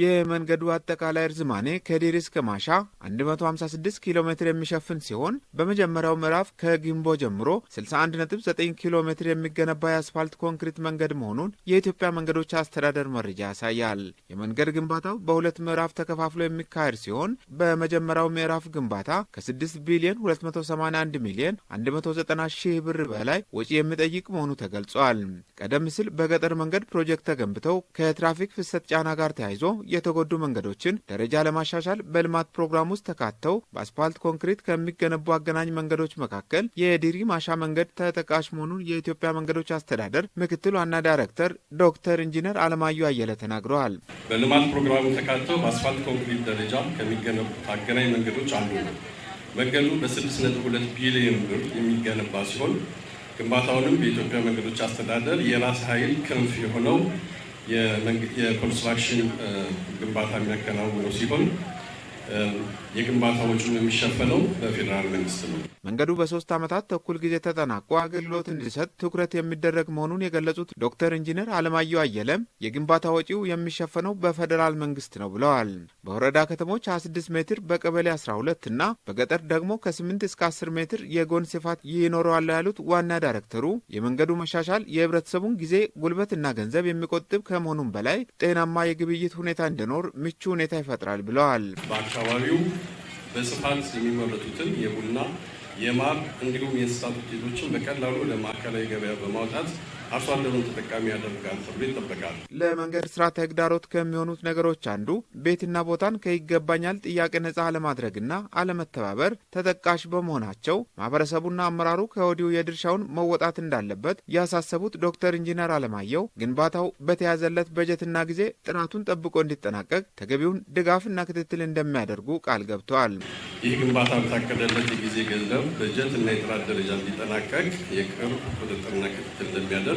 የመንገዱ አጠቃላይ እርዝማኔ ከዲር እስከ ማሻ 156 ኪሎ ሜትር የሚሸፍን ሲሆን በመጀመሪያው ምዕራፍ ከጊምቦ ጀምሮ 619 ኪሎ ሜትር የሚገነባ የአስፋልት ኮንክሪት መንገድ መሆኑን የኢትዮጵያ መንገዶች አስተዳደር መረጃ ያሳያል። የመንገድ ግንባታው በሁለት ምዕራፍ ተከፋፍሎ የሚካሄድ ሲሆን በመጀመሪያው ምዕራፍ ግንባታ ከ6 ቢሊዮን 281 ሚሊዮን 190 ሺህ ብር በላይ ወጪ የሚጠይቅ መሆኑ ተገልጿል። ቀደም ሲል በገጠር መንገድ ፕሮጀክት ተገንብተው ከትራፊክ ፍሰት ጫና ጋር ተያይዞ የተጎዱ መንገዶችን ደረጃ ለማሻሻል በልማት ፕሮግራም ውስጥ ተካተው በአስፓልት ኮንክሪት ከሚገነቡ አገናኝ መንገዶች መካከል የዲሪ ማሻ መንገድ ተጠቃሽ መሆኑን የኢትዮጵያ መንገዶች አስተዳደር ምክትል ዋና ዳይሬክተር ዶክተር ኢንጂነር አለማዩ አየለ ተናግረዋል። በልማት ፕሮግራሙ ተካተው በአስፋልት ኮንክሪት ደረጃ ከሚገነቡት አገናኝ መንገዶች አንዱ ነው። መንገዱ በ6.2 ቢሊዮን ብር የሚገነባ ሲሆን ግንባታውንም በኢትዮጵያ መንገዶች አስተዳደር የራስ ኃይል ክንፍ የሆነው የኮንስትራክሽን ግንባታ የሚያከናውነው ሲሆን የግንባታ የሚሸፈነው በፌዴራል መንግስት ነው። መንገዱ በሶስት ዓመታት ተኩል ጊዜ ተጠናቆ አገልግሎት እንዲሰጥ ትኩረት የሚደረግ መሆኑን የገለጹት ዶክተር ኢንጂነር አለማየሁ አየለም የግንባታ ወጪው የሚሸፈነው በፌዴራል መንግስት ነው ብለዋል። በወረዳ ከተሞች 26 ሜትር በቀበሌ 12 እና በገጠር ደግሞ ከ8 እስከ 10 ሜትር የጎን ስፋት ይኖረዋል ያሉት ዋና ዳይሬክተሩ የመንገዱ መሻሻል የህብረተሰቡን ጊዜ ጉልበትና ገንዘብ የሚቆጥብ ከመሆኑም በላይ ጤናማ የግብይት ሁኔታ እንዲኖር ምቹ ሁኔታ ይፈጥራል ብለዋል። በአካባቢው በስፋት የሚመረቱትን የቡና የማር እንዲሁም የእንስሳት ውጤቶችን በቀላሉ ለማዕከላዊ ገበያ በማውጣት አርሶ አደሩን ተጠቃሚ ያደርጋል ተብሎ ይጠበቃል። ለመንገድ ስራ ተግዳሮት ከሚሆኑት ነገሮች አንዱ ቤትና ቦታን ከይገባኛል ጥያቄ ነጻ አለማድረግና አለመተባበር ተጠቃሽ በመሆናቸው ማህበረሰቡና አመራሩ ከወዲሁ የድርሻውን መወጣት እንዳለበት ያሳሰቡት ዶክተር ኢንጂነር አለማየሁ ግንባታው በተያዘለት በጀትና ጊዜ ጥናቱን ጠብቆ እንዲጠናቀቅ ተገቢውን ድጋፍና ክትትል እንደሚያደርጉ ቃል ገብተዋል። ይህ ግንባታ በታቀደለት የጊዜ ገንዘብ በጀት እና የጥራት ደረጃ እንዲጠናቀቅ የቅርብ ቁጥጥርና ክትትል እንደሚያደርግ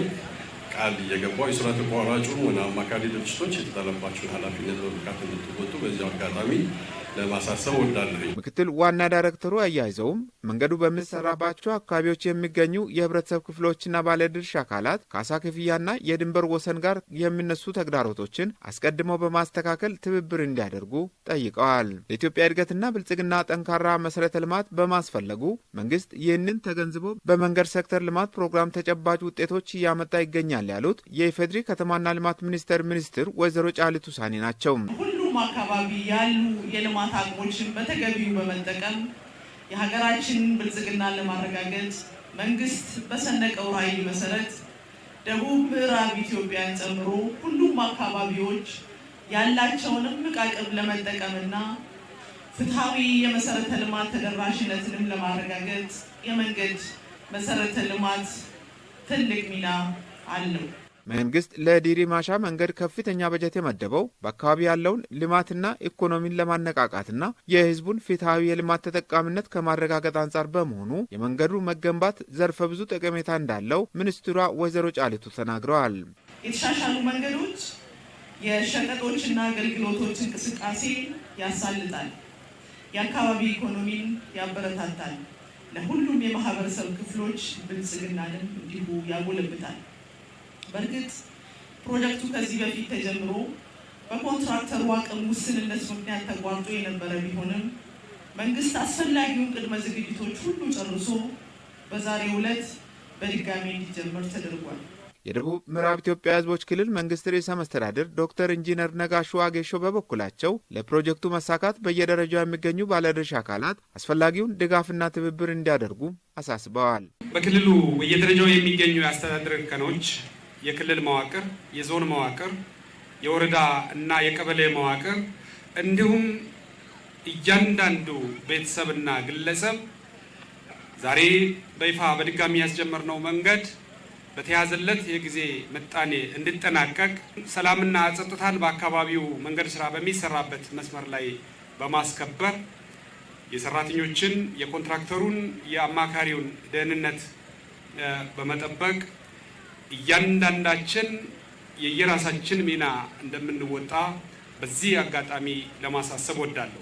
ቃል እየገባው የስራት ተቋራጩ ሆነ አማካሪ ድርጅቶች የተጣለባቸውን ኃላፊነት በብቃት እንድትወጡ በዚያው አጋጣሚ ለማሳሰብ እወዳለሁ። ምክትል ዋና ዳይሬክተሩ አያይዘውም መንገዱ በምሰራባቸው አካባቢዎች የሚገኙ የህብረተሰብ ክፍሎችና ባለድርሻ አካላት ካሳ ክፍያና የድንበር ወሰን ጋር የሚነሱ ተግዳሮቶችን አስቀድመው በማስተካከል ትብብር እንዲያደርጉ ጠይቀዋል። ለኢትዮጵያ እድገትና ብልጽግና ጠንካራ መሰረተ ልማት በማስፈለጉ መንግስት ይህንን ተገንዝቦ በመንገድ ሴክተር ልማት ፕሮግራም ተጨባጭ ውጤቶች እያመጣ ይገኛል ያሉት የኢፌዴሪ ከተማና ልማት ሚኒስቴር ሚኒስትር ወይዘሮ ጫልቱ ሳኒ ናቸው። በሁሉም አካባቢ ያሉ የልማት አቅሞችን በተገቢው በመጠቀም የሀገራችንን ብልጽግና ለማረጋገጥ መንግስት በሰነቀው ራዕይ መሰረት ደቡብ ምዕራብ ኢትዮጵያን ጨምሮ ሁሉም አካባቢዎች ያላቸውን እምቅ አቅም ለመጠቀምና ፍትሐዊ የመሰረተ ልማት ተደራሽነትንም ለማረጋገጥ የመንገድ መሰረተ ልማት ትልቅ ሚና አለው። መንግስት ለዲሪ ማሻ መንገድ ከፍተኛ በጀት የመደበው በአካባቢ ያለውን ልማትና ኢኮኖሚን ለማነቃቃትና የህዝቡን ፍትሐዊ የልማት ተጠቃሚነት ከማረጋገጥ አንጻር በመሆኑ የመንገዱ መገንባት ዘርፈ ብዙ ጠቀሜታ እንዳለው ሚኒስትሯ ወይዘሮ ጫሊቱ ተናግረዋል። የተሻሻሉ መንገዶች የሸቀጦችና አገልግሎቶች እንቅስቃሴ ያሳልጣል፣ የአካባቢ ኢኮኖሚን ያበረታታል፣ ለሁሉም የማህበረሰብ ክፍሎች ብልጽግናንም እንዲሁ ያጎለብታል። በእርግጥ ፕሮጀክቱ ከዚህ በፊት ተጀምሮ በኮንትራክተሩ አቅም ውስንነት ምክንያት ተጓልጦ የነበረ ቢሆንም መንግስት አስፈላጊውን ቅድመ ዝግጅቶች ሁሉ ጨርሶ በዛሬው ዕለት በድጋሚ እንዲጀመር ተደርጓል። የደቡብ ምዕራብ ኢትዮጵያ ሕዝቦች ክልል መንግስት ርዕሰ መስተዳድር ዶክተር ኢንጂነር ነጋሽ ዋጌሾ በበኩላቸው ለፕሮጀክቱ መሳካት በየደረጃው የሚገኙ ባለድርሻ አካላት አስፈላጊውን ድጋፍና ትብብር እንዲያደርጉ አሳስበዋል። በክልሉ በየደረጃው የሚገኙ የአስተዳደር እርከኖች የክልል መዋቅር፣ የዞን መዋቅር፣ የወረዳ እና የቀበሌ መዋቅር እንዲሁም እያንዳንዱ ቤተሰብና ግለሰብ ዛሬ በይፋ በድጋሚ ያስጀመርነው መንገድ በተያዘለት የጊዜ ምጣኔ እንዲጠናቀቅ ሰላምና ጸጥታን በአካባቢው መንገድ ስራ በሚሰራበት መስመር ላይ በማስከበር የሰራተኞችን፣ የኮንትራክተሩን፣ የአማካሪውን ደህንነት በመጠበቅ እያንዳንዳችን የየራሳችን ሚና እንደምንወጣ በዚህ አጋጣሚ ለማሳሰብ ወዳለሁ።